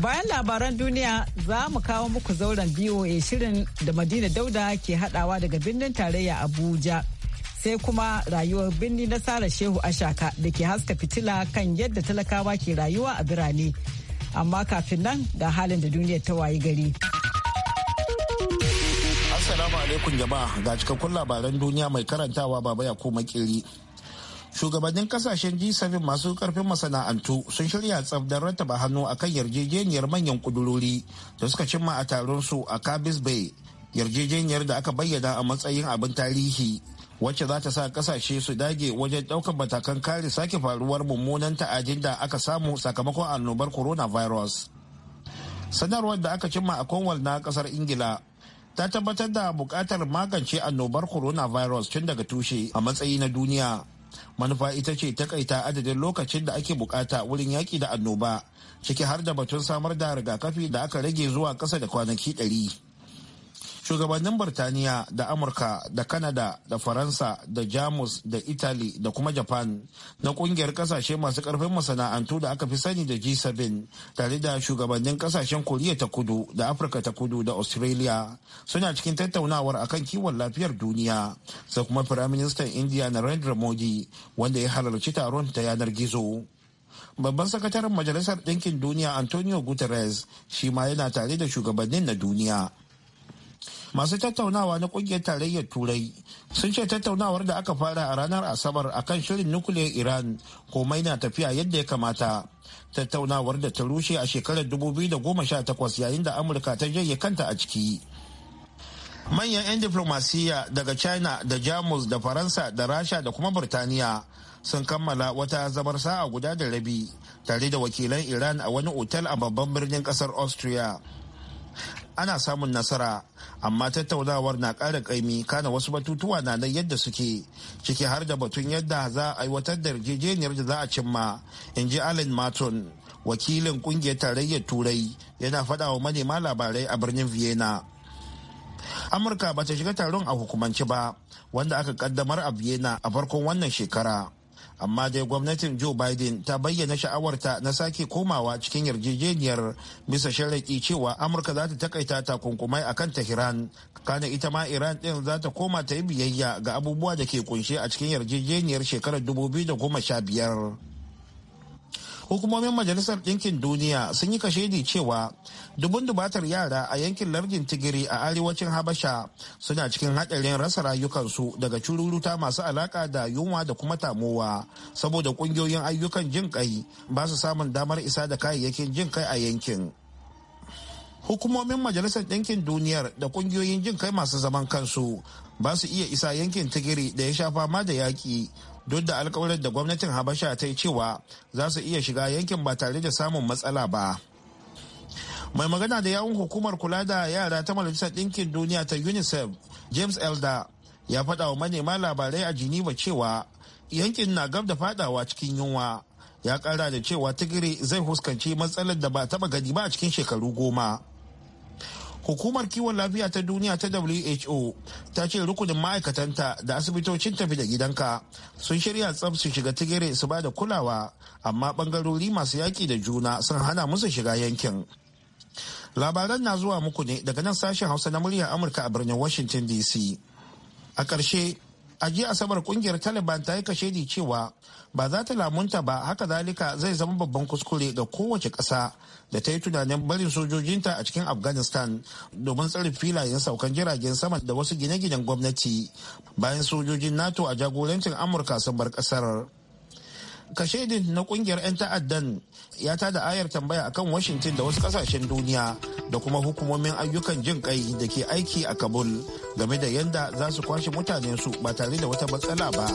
Bayan labaran duniya za mu kawo muku zauren BOA shirin da Madina Dauda ke hadawa daga birnin tarayya Abuja. Sai kuma rayuwar birni na Sara Shehu Ashaka da ke haska fitila kan yadda talakawa ke rayuwa a birane. Amma kafin nan ga halin da duniyar ta wayi gari. Assalamu alaikum jama'a ga cikakkun labaran duniya mai karantawa baba ya ko makiri. shugabannin kasashen g7 masu karfin masana'antu sun shirya tsabdar rattaba hannu a kan yarjejeniyar manyan kudurori da suka cimma a taron su a kabis bay yarjejeniyar da aka bayyana a matsayin abin tarihi wacce za ta sa kasashe su dage wajen ɗaukar matakan kare sake faruwar mummunan ta'ajin da aka samu sakamakon annobar coronavirus sanarwar da aka cimma a konwal na kasar ingila ta tabbatar da buƙatar magance annobar coronavirus tun daga tushe a matsayi na duniya manufa ita ce takaita adadin lokacin da ake bukata wurin yaki da annoba ciki har da batun samar da rigakafi da aka rage zuwa ƙasa da kwanaki ɗari. shugabannin Birtaniya da Amurka da Kanada da Faransa da Jamus da Italy da kuma Japan na kungiyar kasashe masu karfin masana'antu da aka fi sani da G7 tare da shugabannin kasashen Koriya ta Kudu da Afirka ta Kudu da Australia suna cikin tattaunawar akan kiwon lafiyar duniya sai kuma Firaministan India Narendra Modi wanda ya halarci taron ta yanar gizo. babban sakataren majalisar ɗinkin duniya antonio guterres shi ma yana tare da shugabannin na duniya masu tattaunawa na kungiyar tarayyar turai sun ce tattaunawar da aka fara a ranar asabar a kan shirin nukiliyar iran komai na tafiya yadda ya kamata tattaunawar da ta rushe a shekarar 2018 yayin da amurka ta janye kanta a ciki manyan 'yan diflomasiyya daga china da jamus da faransa da rasha da kuma burtaniya sun kammala wata zamar sa'a guda da rabi tare da wakilan iran a wani otal a babban birnin kasar austria ana samun nasara amma tattaunawar na ƙara ƙaimi kana wasu batutuwa na nan yadda suke ciki har da batun yadda za a aiwatar da yarjejeniyar da za a cimma in ji allen martin wakilin kungiyar tarayyar turai yana faɗa wa manema labarai a birnin vienna amurka ba ta shiga taron a hukumance ba wanda aka kaddamar a vienna a farkon wannan shekara amma dai gwamnatin joe biden ta bayyana sha'awarta na sake komawa cikin yarjejeniyar bisa sharaɗi cewa amurka za ta takaita takunkumai a akan tehran kana ita ma iran ɗin za ta koma ta yi biyayya ga abubuwa da ke kunshe a cikin yarjejeniyar shekarar 2015 hukumomin majalisar ɗinkin duniya sun yi kashedi cewa dubun dubatar yara a yankin lardin tigiri a arewacin habasha suna cikin haɗarin rasa rayukansu daga cururuta masu alaƙa da yunwa da kuma tamowa saboda ƙungiyoyin ayyukan jin kai ba su samun damar isa da kayayyakin jin kai a yankin hukumomin majalisar ɗinkin duniyar da ƙungiyoyin jin kai masu zaman kansu ba su iya isa yankin tigiri da ya sha fama da yaƙi duk da alkawarin da gwamnatin habasha ta yi cewa za su iya shiga yankin ba tare da samun matsala ba mai magana da yawun hukumar kula da yara ta majalisar ɗinkin duniya ta unicef james elder ya faɗa wa manema labarai a geneva cewa yankin na gab da fadawa cikin yunwa ya ƙara da cewa tigiri zai fuskanci matsalar da ba taɓa gani ba a cikin shekaru goma hukumar kiwon lafiya ta duniya ta who ta ce rukunin ma'aikatanta da asibitocin tafi da gidanka sun shirya tsab su shiga tigire su ba da kulawa amma bangarori masu yaki da juna sun hana musu shiga yankin labaran na zuwa muku ne daga nan sashen hausa na muryar amurka a birnin washington dc a ƙarshe a jiya asabar kungiyar taliban ta yi kashedi cewa ba za ta lamunta ba haka zalika zai zama babban kuskure ga kowace ƙasa da ta yi tunanin barin sojojinta a cikin afghanistan domin tsare filayen saukan jiragen sama da wasu gine-ginen gwamnati bayan sojojin nato a jagorancin amurka sun bar ƙasar kashedin na kungiyar 'yan ta'addan ya tada ayar tambaya akan washington da wasu kasashen duniya da kuma hukumomin ayyukan jin kai da ke aiki a kabul game da yadda za su kwashe su ba tare da wata matsala ba.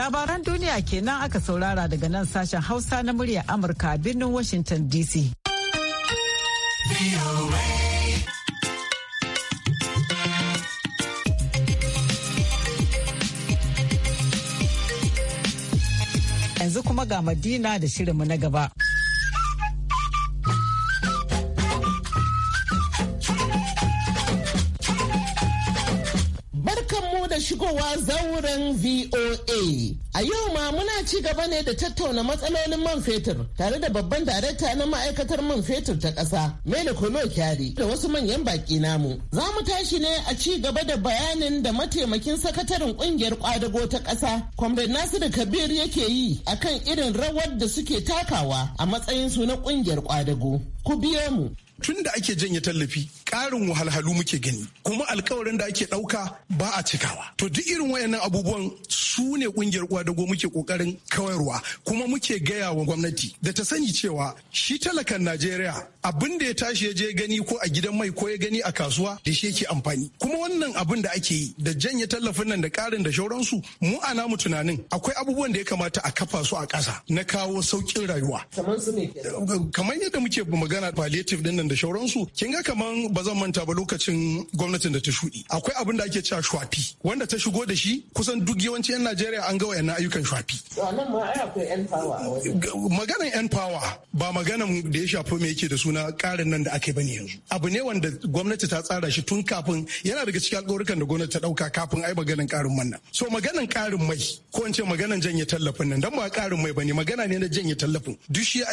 Labaran duniya kenan aka saurara daga nan sashen Hausa na muryar Amurka a birnin Washington DC. Yanzu kuma ga Madina da shirinmu na gaba. zauren VOA. A yau ma muna ci gaba ne da tattauna matsalolin man fetur tare da babban darekta na ma'aikatar man fetur ta ƙasa, Mele Kolo Kyari da wasu manyan baƙi namu. Za mu tashi ne a ci gaba da bayanin da mataimakin sakataren ƙungiyar ƙwadago ta ƙasa, Kwamre Nasiru Kabir yake yi akan irin rawar da suke takawa a matsayin su na ƙungiyar ƙwadago. Ku biyo mu. Tun da ake janye tallafi ƙarin wahalhalu muke gani kuma alkawarin da ake ɗauka ba a cikawa to duk irin wayannan abubuwan su ne ƙungiyar kwadago muke kokarin kawarwa kuma muke gaya wa gwamnati da ta sani cewa shi talakan najeriya abin da ya tashi ya je gani ko a gidan mai ko ya gani a kasuwa da shi yake amfani kuma wannan abin da ake yi da janye tallafin nan da ƙarin da shauransu mu ana mu tunanin akwai abubuwan da ya kamata a kafa su a ƙasa na kawo saukin rayuwa kamar yadda muke magana palliative din nan da shauransu kin ga kaman ba zan manta ba lokacin gwamnatin da ta shuɗi akwai abin da ake cewa shwafi wanda ta shigo da shi kusan duk yawanci 'yan najeriya an ga wayannan ayyukan shwafi maganan 'yan fawa ba maganan da ya shafi me yake da suna karin nan da ake bane yanzu abu ne wanda gwamnati ta tsara shi tun kafin yana daga cikin alƙawarukan da gwamnati ta ɗauka kafin ai maganan karin man so maganan karin mai ko in ce maganan janye tallafin nan dan ba karin mai bane magana ne na janye tallafin duk shi ya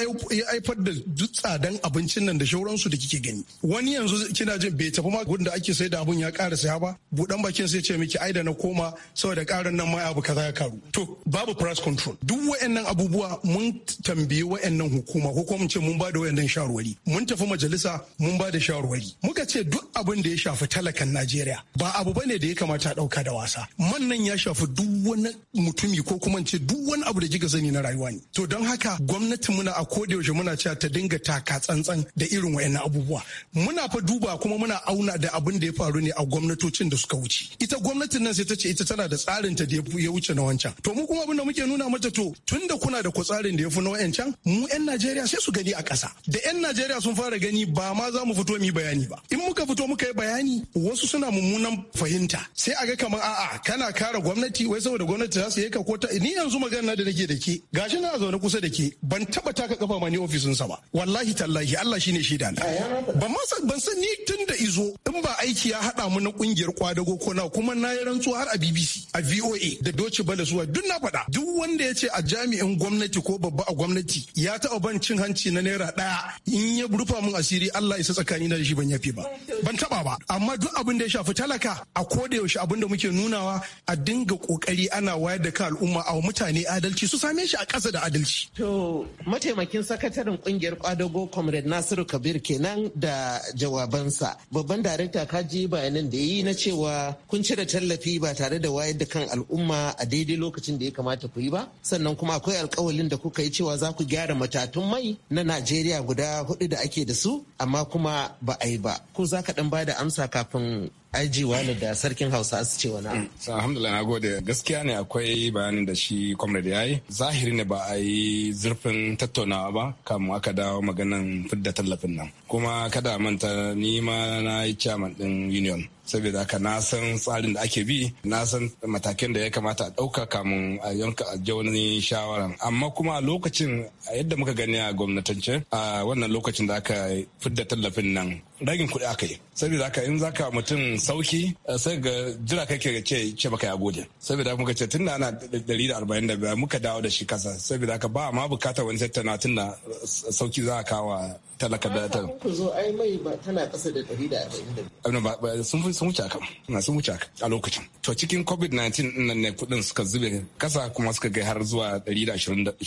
haifar da duk tsadan abincin nan da shauransu da kike gani wani yanzu kina jin bai tafi ma gudun da ake sai da abun ya ƙara sai ba budan bakin sai ce miki ai da na koma saboda ƙarin nan mai abu kaza ya karu to babu price control duk wayannan abubuwa mun tambaye wayannan hukuma ko kuma mun ce mun ba da wayannan shawarwari mun tafi majalisa mun ba da shawarwari muka ce duk abin da ya shafi talakan Najeriya ba abu bane da ya kamata dauka da wasa mannan ya shafi duk wani mutumi ko kuma ce duk wani abu da kika sani na rayuwa ne to don haka gwamnati muna a koda yaushe muna cewa ta dinga taka tsantsan da irin wayannan abubuwa muna fa duba duba kuma muna auna da abin da ya faru ne a gwamnatocin da suka wuce ita gwamnatin nan sai ta ce ita tana da tsarin ta da ya wuce na wancan to mu kuma abin da muke nuna mata to tun da kuna da tsarin da ya fi na wancan mu yan Najeriya sai su gani a ƙasa da yan Najeriya sun fara gani ba ma za mu fito mu bayani ba in muka fito muka yi bayani wasu suna mummunan fahimta sai a ga kamar a'a kana kara gwamnati wai saboda gwamnati za su yi ka ko ta ni yanzu magana da nake da ke gashi na zaune kusa da ke ban taba taka kafa ma ni ofisin sa ba wallahi tallahi Allah shine shaida na ban ma ban san ni tun da izo in ba aiki ya haɗa mu na ƙungiyar kwadago ko na kuma na yi rantsuwa har a BBC a VOA da doci bala zuwa duk na faɗa duk wanda ya ce a jami'in gwamnati ko babba a gwamnati ya taɓa ban cin hanci na naira ɗaya in ya rufa mun asiri Allah isa tsakani na da shi ban yafe ba ban taɓa ba amma duk abin da ya shafi talaka a ko da yaushe abin da muke nunawa a dinga kokari ana wayar da kan al'umma a mutane adalci su same shi a ƙasa da adalci. To mataimakin sakataren ƙungiyar kwadago comrade Nasiru Kabir kenan da jawaban kansa babban darakta ka ji bayanan da yi na cewa kun cire tallafi ba tare da wayar da kan al'umma a daidai lokacin da ya kamata ku yi ba sannan kuma akwai alkawalin da kuka yi cewa za ku gyara matatun mai na najeriya guda hudu da ake da su amma kuma ba a yi ba ko za ka dan da amsa kafin IG wani da sarkin Hausa su ce wani. Mm. Alhamdulillah na gode gaskiya ne akwai bayanin da shi comrade ya yi zahiri ne ba a yi zurfin tattaunawa ba kamun aka dawo maganan fidda tallafin nan kuma kada manta ni ma na yi chairman din union saboda haka na san tsarin da ake bi na san matakin da ya kamata a ɗauka kamun a yanka a jauni shawaran amma kuma a lokacin yadda muka gani a gwamnatance a wannan lokacin da aka fidda tallafin nan ragin kuɗi aka yi saboda haka in zaka mutum sauki eh, sai ga jira kai ke ce ce baka ya gode saboda muka ce tunda ana ɗari da arba'in da biyar muka dawo da shi kasa saboda haka ba ma bukatar wani tattana tunda sauki za a kawa talaka da ta. Ku zo ai mai ba tana kasa da ɗari da arba'in da biyar. Sun wuce sun wuce a lokacin. to cikin covid-19 nan ne kudin suka zube kasa kuma suka kai har zuwa 125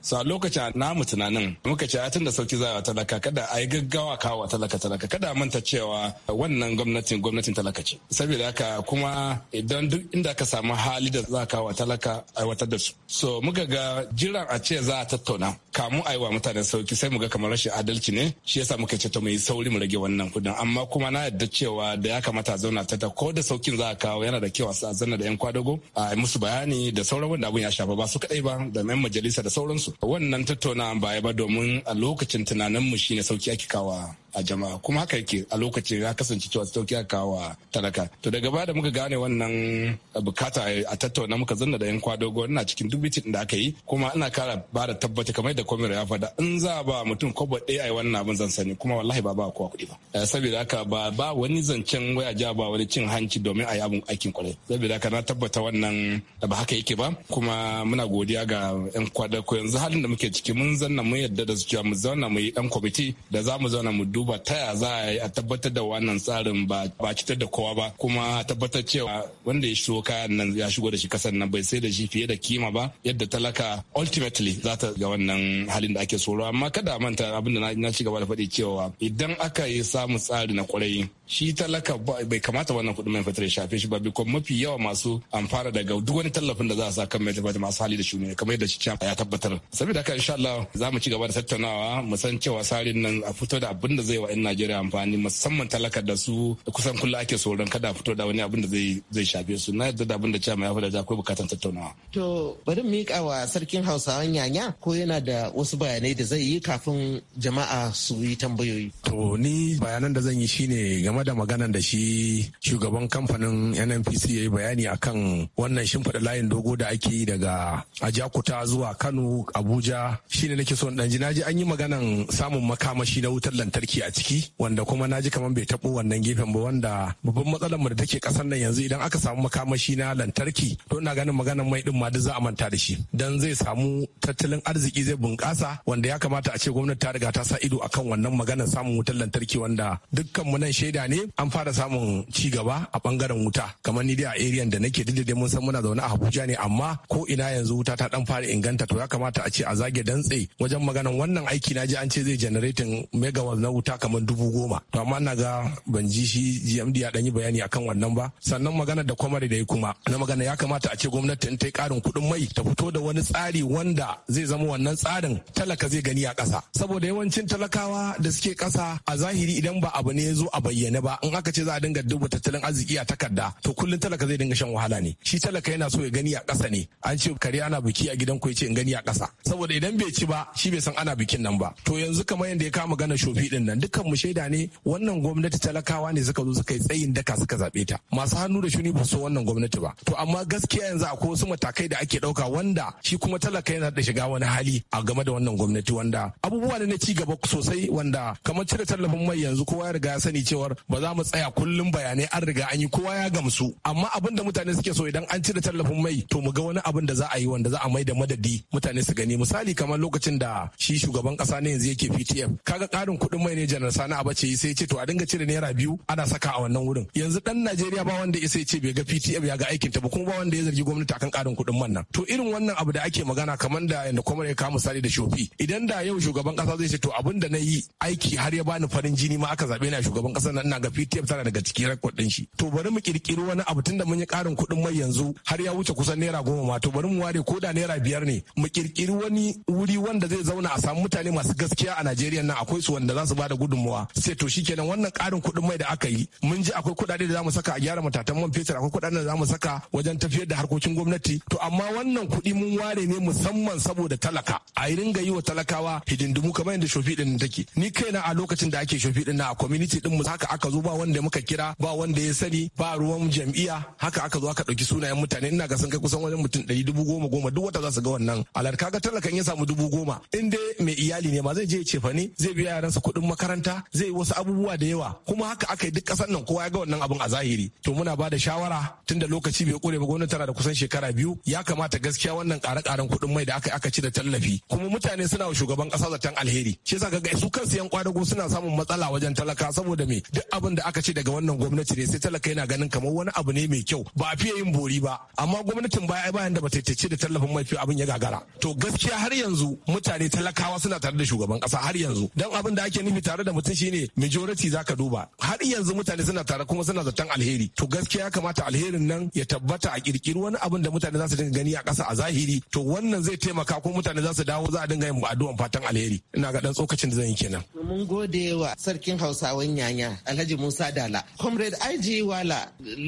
so a lokacin namu tunanin muka ce tun da sauki za a talaka kada a yi gaggawa kawo talaka talaka kada manta cewa wannan gwamnatin gwamnatin talaka ce saboda haka kuma idan duk inda ka samu hali da za kawo talaka aiwatar da su so muka ga jiran a ce za a tattauna kamun a yi wa mutane sauki sai mu ga kamar rashin adalci ne shi yasa muka ce ta mu yi sauri mu rage wannan kudin amma kuma na yarda cewa da ya kamata a zauna ta ko da saukin za a kawo yana yana da kyau a zanna da 'yan kwadago a musu bayani da sauran wanda abun ya shafa ba su kadai ba da 'yan majalisa da sauransu wannan tattaunawa baya ba domin a lokacin tunanin mu shine sauki ake kawa a jama'a kuma haka yake a lokacin ya kasance cewa sauki ya kawo talaka to daga baya da muka gane wannan bukata a tattauna muka zanna da yan kwadogo ina cikin duk bitin da aka yi kuma ina kara ba da tabbata kamar da komai ya faɗa in za ba mutum kwabo ɗaya ai wannan abin zan sani kuma wallahi ba ba kowa kuɗi ba eh, saboda haka ba ba wani zancen waya ja ba wani cin hanci domin a yi abin aikin kwarai saboda haka na tabbata wannan ba haka yake ba kuma muna godiya ga yan kwadogo yanzu halin da muke ciki mun zanna mun yadda da su cewa mu zauna mu yi dan kwamiti da za mu zauna mu duba ta ya za a yi a tabbatar da wannan tsarin ba ba da kowa ba kuma tabbatar cewa wanda ya shigo kayan nan ya shigo da shi kasan nan bai sai da shi fiye da kima ba yadda talaka ultimately za ta ga wannan halin da ake tsoro amma kada manta abin da na ci gaba da faɗi cewa idan aka yi samun tsari na kwarai shi talaka bai kamata wannan kuɗi mai fitar ya shafe shi ba bikon mafi yawa masu amfana daga duk wani tallafin da za a sa kan mai fetur masu hali da shi ne kamar yadda shi ya tabbatar saboda haka insha Allah za mu ci gaba da tattaunawa mu san cewa tsarin nan a fito da abin da zai wa 'yan Najeriya amfani musamman talaka da su kusan kula ake tsoron kada fito da wani abin da zai shafe su na yadda da abin da cewa ya fada akwai bukatan tattaunawa. To bari mu miƙa wa sarkin Hausawan yanya ko yana da wasu bayanai da zai yi kafin jama'a su yi tambayoyi. To ni bayanan da zan yi shine game da maganan da shi shugaban kamfanin NNPC ya yi bayani akan wannan shimfiɗa layin dogo da ake yi daga Ajakuta zuwa Kano Abuja shine nake so dan ji naji an yi maganan samun makamashi na wutar lantarki aiki a ciki wanda kuma na ji kamar bai taɓo wannan gefen ba wanda babban matsalar mu da take ƙasar nan yanzu idan aka samu makamashi na lantarki to ina ganin maganar mai din ma duk za a manta da shi dan zai samu tattalin arziki zai bunƙasa wanda ya kamata a ce gwamnati ta riga ta sa ido akan wannan maganar samun wutar lantarki wanda dukkan mu nan shaida ne an fara samun ci gaba a bangaren wuta kamar ni dai a area da nake duk da mun san muna zaune a Abuja ne amma ko ina yanzu wuta ta dan fara inganta to ya kamata a ce a zage dantse wajen maganar wannan aiki na ji an ce zai generating megawatt na wuta kyauta kamar dubu goma to amma na ga ban ji shi gmd ya dan yi bayani akan wannan ba sannan magana da kwamari da ya kuma na magana ya kamata a ce gwamnati in ta yi karin kuɗin mai ta fito da wani tsari wanda zai zama wannan tsarin talaka zai gani a ƙasa saboda yawancin talakawa da suke ƙasa a zahiri idan ba abu ne ya zo a bayyane ba in aka ce za a dinga duba tattalin arziki a takarda to kullum talaka zai dinga shan wahala ne shi talaka yana so ya gani a ƙasa ne an ce kare ana biki a gidan ku ya ce in gani a ƙasa saboda idan bai ci ba shi bai san ana bikin nan ba to yanzu kamar yadda ya kama gana shofi din nan dukkan mu shaida ne wannan gwamnati talakawa ne suka zo suka yi tsayin daka suka zaɓe ta masu hannu da shuni ba su wannan gwamnati ba to amma gaskiya yanzu akwai wasu matakai da ake ɗauka wanda shi kuma talaka yana da shiga wani hali a game da wannan gwamnati wanda abubuwa ne na ci gaba sosai wanda kamar cire tallafin mai yanzu kowa ya riga ya sani cewar ba za mu tsaya kullum bayanai an riga an yi kowa ya gamsu amma abin da mutane suke so idan an cire tallafin mai to mu ga wani abin da za a yi wanda za a mai da madadi mutane su gani misali kamar lokacin da shi shugaban kasa ne yanzu yake PTF kaga karin kuɗin mai ne janar sani bace sai ce to a dinga cire naira biyu ana saka a wannan wurin yanzu dan najeriya ba wanda ya sai ce bai ga ptf ya ga aikin ta ba kuma ba wanda ya zargi gwamnati akan karin kuɗin man nan to irin wannan abu da ake magana kamar da yanda kuma ya kawo misali da shofi idan da yau shugaban kasa zai ce to abin da na yi aiki har ya bani farin jini ma aka zabe na shugaban kasa nan na ga ptf tana daga cikin rekod din shi to bari mu kirkiri wani abu tunda mun yi karin kuɗin mai yanzu har ya wuce kusan naira goma ma to bari mu ware ko da naira biyar ne mu kirkiri wani wuri wanda zai zauna a samu mutane masu gaskiya a najeriya nan akwai su wanda za su bada gudunmawa sai to shikenan wannan karin kuɗin mai da aka yi mun ji akwai kuɗaɗe da zamu saka a gyara matatan man fetur akwai kuɗaɗen da zamu saka wajen tafiyar da harkokin gwamnati to amma wannan kuɗi mun ware ne musamman saboda talaka a ringa yi wa talakawa hidindimu kamar yadda shofi din take ni kai na a lokacin da ake shofi din na a community din mu haka aka zo ba wanda muka kira ba wanda ya sani ba ruwan jam'iyya haka aka zo aka ɗauki sunayen mutane ina ga sun kai kusan wajen mutum ɗari dubu goma goma duk wata za su ga wannan alar kaga talakan ya samu dubu goma in dai mai iyali ne ma zai je ya fa ne zai biya yaransa kuɗin makaranta makaranta zai wasu abubuwa da yawa kuma haka aka yi duk ƙasar nan kowa ya ga wannan abin a zahiri to muna ba da shawara tunda lokaci bai kure ba gwamnati tana da kusan shekara biyu ya kamata gaskiya wannan ƙare-ƙaren kuɗin mai da aka aka ci da tallafi kuma mutane suna wa shugaban ƙasa zaton alheri shi yasa ga su kansu yan kwadago suna samun matsala wajen talaka saboda me duk abin da aka ce daga wannan gwamnati ne sai talaka yana ganin kamar wani abu ne mai kyau ba a fiye yin bori ba amma gwamnatin baya bayan da bata ce da tallafin mai abin ya gagara to gaskiya har yanzu mutane talakawa suna tare da shugaban ƙasa har yanzu dan abin da ake nufi tare da mutum shine majority zaka duba har yanzu mutane suna tare kuma suna zaton alheri to gaskiya ya kamata alherin nan ya tabbata a kirkiri wani abin da mutane za su dinga gani a ƙasa a zahiri to wannan zai taimaka ko mutane za su dawo za a dinga yin addu'an fatan alheri ina ga dan tsokacin da zan yi kenan mun gode wa sarkin hausawan yanya alhaji musa dala comrade ig wala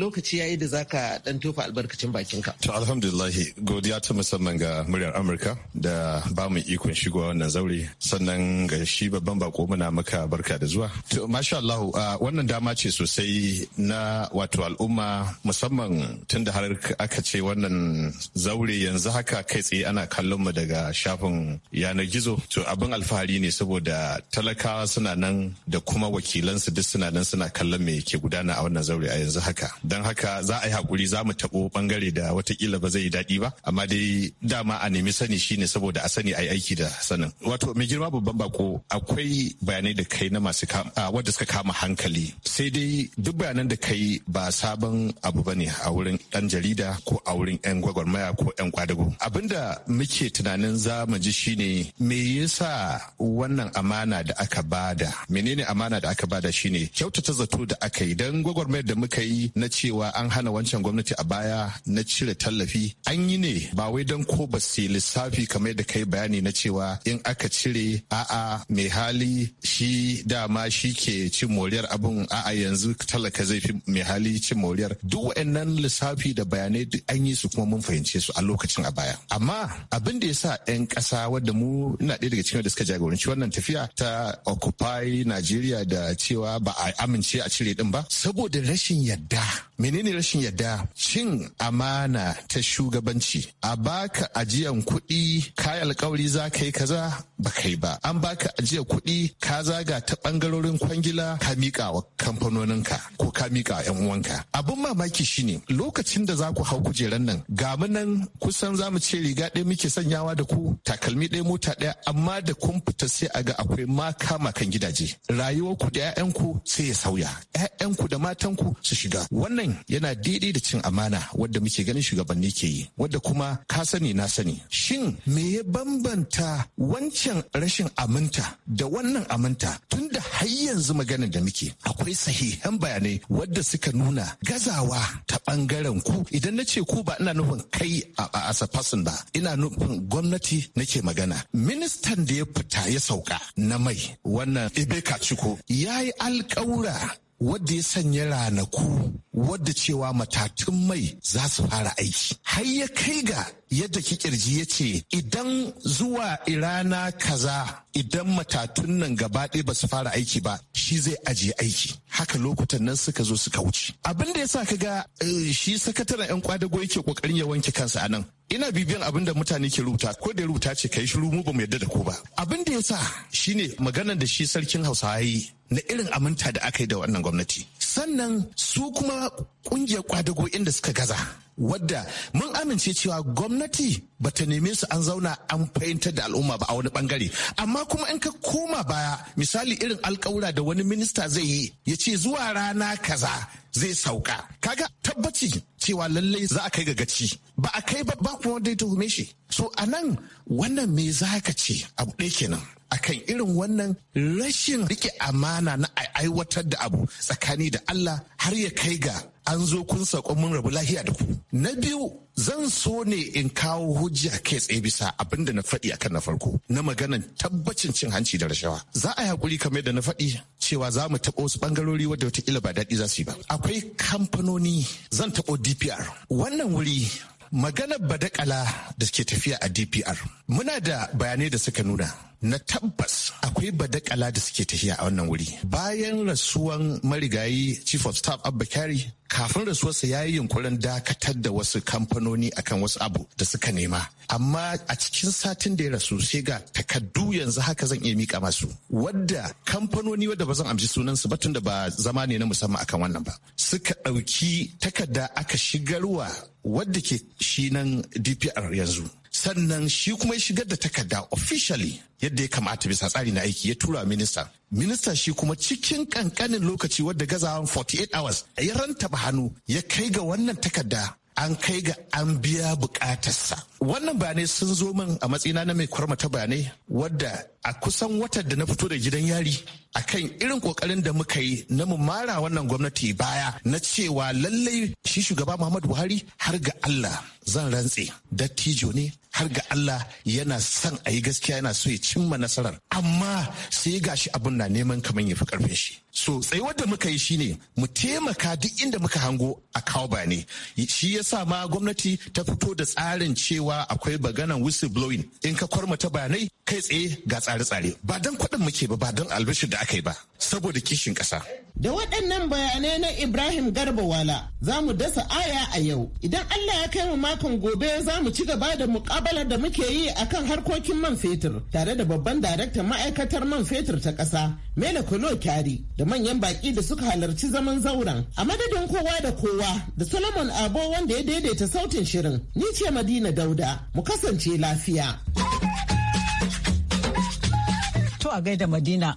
lokaci yayi da zaka dan tofa albarkacin bakin ka to alhamdulillah godiya ta musamman ga muryar amurka da ba mu ikon shigowa wannan zaure sannan ga shi babban bako muna maka maka barka da zuwa. To masha Allah uh, wannan dama ce sosai na wato al'umma musamman tun da har aka ce wannan zaure yanzu haka kai tsaye ana kallon mu daga shafin yanar gizo. To abin alfahari ne saboda talakawa suna nan da kuma wakilansu duk suna nan suna kallon me ke gudana a wannan zaure a yanzu haka. Don haka za a yi hakuri za mu taɓo bangare da watakila ba zai yi daɗi ba amma dai dama a nemi sani shine saboda a sani a yi aiki da sanin. Wato mai girma babban bako akwai bayanai da kai na masu wadda suka kama hankali sai dai duk bayanan da kai ba sabon abu ba ne. a wurin dan jarida ko a wurin yan gwagwarmaya ko yan kwadago abinda muke tunanin za mu ji shine me yasa wannan amana da aka bada menene amana da aka bada shine kyautata zato da aka yi dan gwagwarmayar da muka yi na cewa an hana wancan gwamnati a baya na cire tallafi an yi ne ba wai dan ko ba su lissafi kamar da kai bayani na cewa in aka cire a'a mai hali shi dama shi ke cin moriyar abin a'a yanzu talaka zai fi mai hali cin moriyar duk waɗannan lissafi da bayanai duk an yi su kuma mun fahimce su a lokacin a baya amma abin da ya sa 'yan ƙasa wadda mu ina ɗaya daga cikin da suka jagoranci wannan tafiya ta occupy nigeria da cewa ba a amince a cire din ba saboda rashin yadda menene rashin yadda cin amana ta shugabanci a baka ajiyan kuɗi kayan alkawari za ka yi kaza ba kai ba an baka ajiya kuɗi ka zaga ta ɓangarorin kwangila ka miƙa wa kamfanoninka ko ka miƙa yan uwanka abin mamaki shine lokacin da za ku hau kujeran nan ga mu nan kusan za mu ce riga ɗaya muke sanyawa da ku takalmi ɗaya mota ɗaya amma da kun fita sai a ga akwai maka makan gidaje rayuwar ku da ku sai ya sauya ku da matanku su shiga wannan yana daidai da cin amana wadda muke ganin shugabanni ke yi wadda kuma ka sani na sani shin me ya bambanta wancan wancan rashin aminta da wannan aminta tun da har yanzu magana da muke akwai sahihan bayanai wadda suka nuna gazawa ta bangaren ku idan na ce ku ba ina nufin kai a fasin ba ina nufin gwamnati nake magana ministan da ya fita ya sauka na mai wannan ka ciko ya yi alkawura wadda ya sanya ranaku wadda cewa matatun mai za su fara aiki har ya kai ga yadda ki kikirji ya ce idan zuwa irana kaza idan matatun nan gaba ɗaya ba su fara aiki ba shi zai ajiye aiki haka lokutan nan suka zo suka wuce abin da ya sa kaga eh, shi sakataren yan kwadago yake kokarin ya wanke kansa a nan ina bibiyan abin da mutane ke rubuta ko da rubuta ce kai shiru mu ba mu yadda da ku ba abin da ya sa shine maganar da shi sarkin hausawa yi na irin aminta da aka yi da wannan gwamnati sannan su kuma ƙungiyar kwadago inda suka gaza wadda mun amince cewa gwamnati ba ta neme su an zauna an fahimtar da al'umma ba a wani bangare amma kuma in ka koma baya misali irin alkawura da wani minista zai yi ya ce zuwa rana kaza zai sauka kaga tabbaci cewa lallai za a kai ga gaci ba a kai ba ba kuma wanda ya tuhume shi so a nan wannan me za ka ce abu ɗaya kenan akan irin wannan rashin rike amana na aiwatar da abu tsakani da Allah har ya kai ga an zo kun sakon mun rabu lahiya da ku na biyu zan so ne in kawo hujja kai tsaye bisa abin da na faɗi akan na farko na maganan tabbacin cin hanci da rashawa za a yi hakuri kamar da na faɗi cewa za mu taɓa wasu ɓangarori wadda watakila ba daɗi za su yi ba akwai kamfanoni zan taɓo dpr wannan wuri maganar badakala da ke tafiya a dpr muna da bayanai da suka nuna na tabbas akwai badakala da suke tafiya a wannan wuri bayan rasuwan marigayi chief of staff abba Kari, kafin rasuwarsa ya yi yunkurin dakatar da wasu kamfanoni akan wasu abu da suka nema amma a cikin satin da ya rasu sai ga takaddu yanzu haka zan iya mika masu wadda kamfanoni wadda ba zan amshi sunansu ba tun da ba zama ne na musamman akan wannan ba suka ɗauki takarda aka shigarwa wadda ke shi nan dpr yanzu sannan shi kuma ya shigar da takarda officially yadda ya kamata bisa tsari na aiki ya tura minista minista shi kuma cikin kankanin lokaci wadda gazawan 48 hours ya rantaba hannu ya kai ga wannan takarda an kai ga an biya bukatarsa wannan bayanai sun zo min a matsina na mai kwarmata bayanai wadda a kusan watan da na fito da gidan yari akan irin kokarin da muka yi na mu mara wannan gwamnati baya na cewa lallai shi shugaba Muhammadu Buhari har ga Allah zan rantse dattijo ne har ga Allah yana son a yi gaskiya yana so ya cimma nasarar amma sai ga shi abin na neman kamar ya fi karfin shi so tsayuwar da muka yi shine mu taimaka duk inda muka hango a kawo bayanai shi ya sa ma gwamnati ta fito da tsarin cewa akwai baganan whistleblowing in ka ta bayanai kai tsaye ga tsare-tsare ba don kuɗin muke ba ba don albashin da aka yi ba saboda kishin ƙasa Da waɗannan bayanai na Ibrahim Garba Wala za mu dasa aya a yau. Idan Allah ya kai mu makon gobe za mu ci gaba da muƙabala mukabalar da muke yi akan harkokin man fetur tare da babban daraktan ma'aikatar man fetur ta ƙasa Mele kuno Kyari da manyan baƙi da suka halarci zaman zauren a madadin kowa da kowa da Solomon Abo wanda ya daidaita sautin shirin ni ce Madina Dauda mu kasance lafiya. To a gaida Madina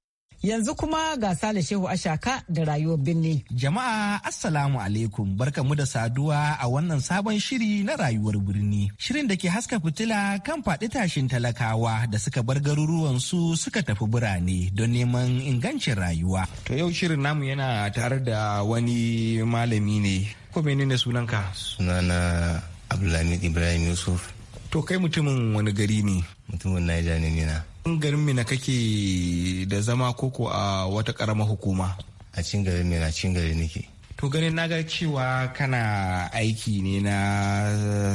Yanzu kuma ga da Shehu Ashaka da rayuwar birni. Jama'a Assalamu alaikum barka mu da saduwa a wannan sabon shiri na rayuwar birni. Shirin da ke haska fitila kan faɗi tashin talakawa da suka bar garuruwan su suka tafi birane don neman ingancin rayuwa. To yau shirin namu yana tare da wani malami ne. Ko menene sunanka? Sunana Abdulhamid Ibrahim Yusuf. To kai mutumin wani gari ne? Mutumin Niger ne na. garin mina kake da zama koko a wata karamar hukuma a cin garin mina cin garin nake to ganin na ga cewa kana aiki ne na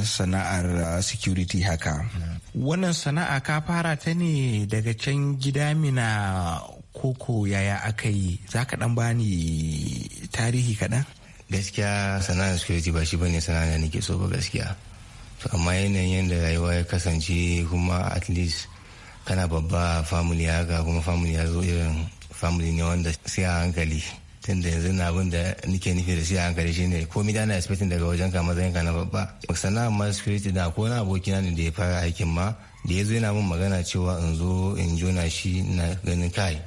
sana'ar uh, security haka wannan sana'a ka fara ta ne daga can gida mina koko yaya aka yi za ka dan bani tarihi kaɗan gaskiya sana'ar security ba shi bane sana'a da nake so ba gaskiya amma yanayin yadda rayuwa ya kasance kuma at least kana babba family haka kuma family ya zo irin family ne wanda sai a hankali tun da yanzu na abin da nike nufi da shi a hankali shine komai da na expecting daga wajen ka matsayin ka na babba sannan ma security da ko na abokina ne da ya fara aikin ma da ya yana min magana cewa in zo in jona shi na ganin kai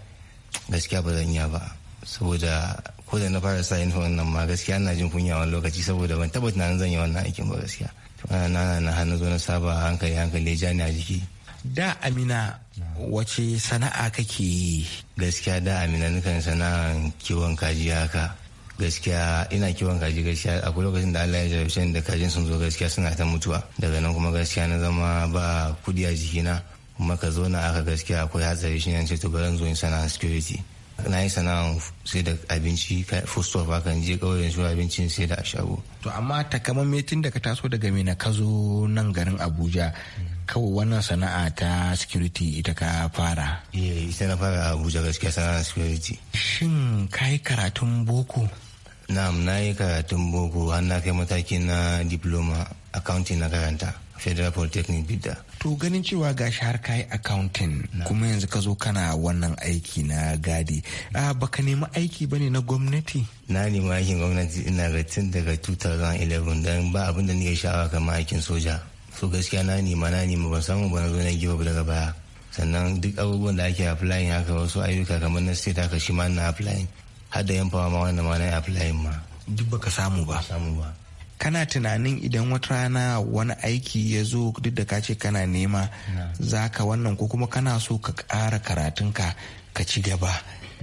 gaskiya ba zan ba saboda ko da na fara sa uniform nan ma gaskiya ina jin kunya wani lokaci saboda ban taba tunanin zan yi wannan aikin ba gaskiya na na na hannu zo na saba hankali hankali ya ja ni a jiki da amina wace sana'a kake yi gaskiya da amina nukan sana'a kiwon kaji haka gaskiya ina kiwon kaji gaskiya akwai lokacin da Allah ya jarabce da kajin sun zo gaskiya suna ta mutuwa daga nan kuma gaskiya na zama ba kudi a jikina kuma ka zo na aka gaskiya akwai hatsari shi ne ce to bari zo in sana'a security na yi sana'a sai da abinci food store je kawai yanzu abincin sai da shago to amma takamaiman tun da ka taso daga mina ka zo nan garin Abuja kawai wannan sana'a ta security ita ka fara eh ita na fara abuja gaskiya sana'a security shin ka yi karatun boko na'am na yi karatun boko har na kai mataki na diploma accounting na karanta federal polytechnic bidda to ganin cewa gashi har kayi accounting kuma yanzu ka zo kana wannan aiki na gadi a baka nemi aiki ba ne na gwamnati na nemi aikin gwamnati ina ga tun daga 2011 don ba abin da nake sha'awa kamar aikin soja so gaskiya na nema na nema ban samu ba na zo na give daga baya sannan duk abubuwan da ake applying haka wasu ayyuka kamar na state haka shi ma na applying har da yan ma wannan ma na applying ma duk baka samu ba samu ba kana tunanin idan wata rana wani aiki ya zo duk da kace kana nema za ka wannan ko kuma kana so ka ƙara karatun ka ka ci gaba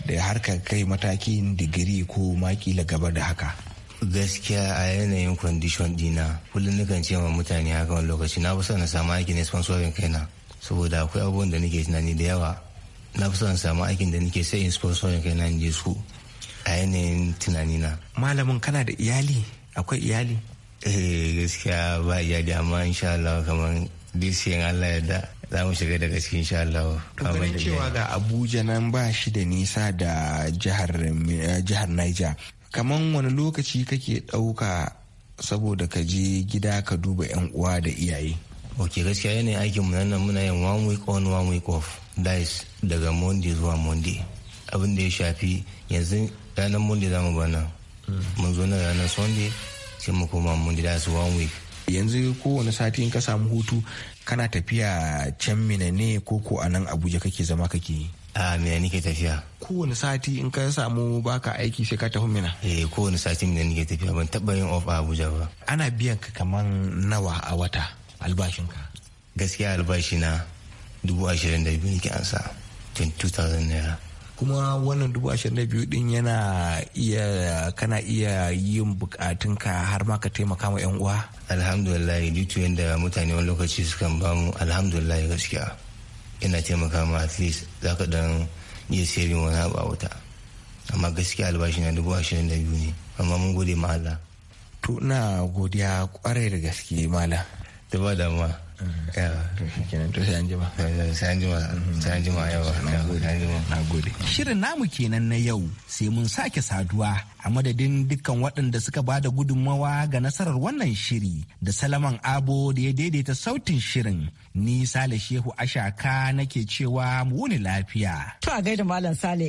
da har ka kai matakin digiri ko makila gaba da haka gaskiya a yanayin kwandishon dina kullum nukan ce ma mutane haka wani lokaci na fi son na samu aikin sponsorin kaina saboda akwai abubuwan da nake tunani da yawa na fi son samu aikin da nake sai in sponsorin kaina in je su a yanayin tunani na. malamin kana da iyali akwai iyali eh gaskiya ba iyali amma insha Allah kamar this year Allah ya da za mu shiga daga cikin insha Allah. Ganin cewa ga Abuja nan ba shi da nisa da jihar eh, Niger. kaman wani lokaci kake ɗauka saboda ka je gida ka duba 'yan uwa da iyaye ok gaskiya yanayin aikin mu nan muna yin one week on one week off dice daga monday zuwa monday abin da ya shafi yanzu ranar monday za mu bana hmm. mun zo na ranar sunday sai mu koma monday dice one week yanzu kowane sati in ka samu hutu kana tafiya can mina ne ko ko a nan abuja kake zama kake yi a mina nike tafiya kowane sati in ka samu baka aiki sai ka tafi mina eh kowane sati ne nike tafiya ban taba yin off a abuja ba ana biyan ka kaman nawa a wata albashin ka? gaskiya albashi na dubu ashirin da biyu nike ansa thousand naira kuma wannan dubu ashirin da biyu din yana iya kana iya yin bukatunka har ma ka taimaka ma yan uwa alhamdulillah duk da mutane wani lokaci sukan bamu alhamdulillah gaskiya yana taimaka ma at least za ka dan iya sirrin wani abu a wata amma gaskiya albashi na dubu ashirin da biyu ne amma mun gode ma Allah. to na godiya kwarai da gaske mala ta ba damuwa ma hmm. ya na shirin namu kenan na yau sai mun sake saduwa a madadin dukkan waɗanda suka ba da gudunmawa ga nasarar wannan shiri da salaman abo da ya daidaita sautin shirin ni sale shehu ashaka nake cewa mu wuni lafiya to a gaida malam sale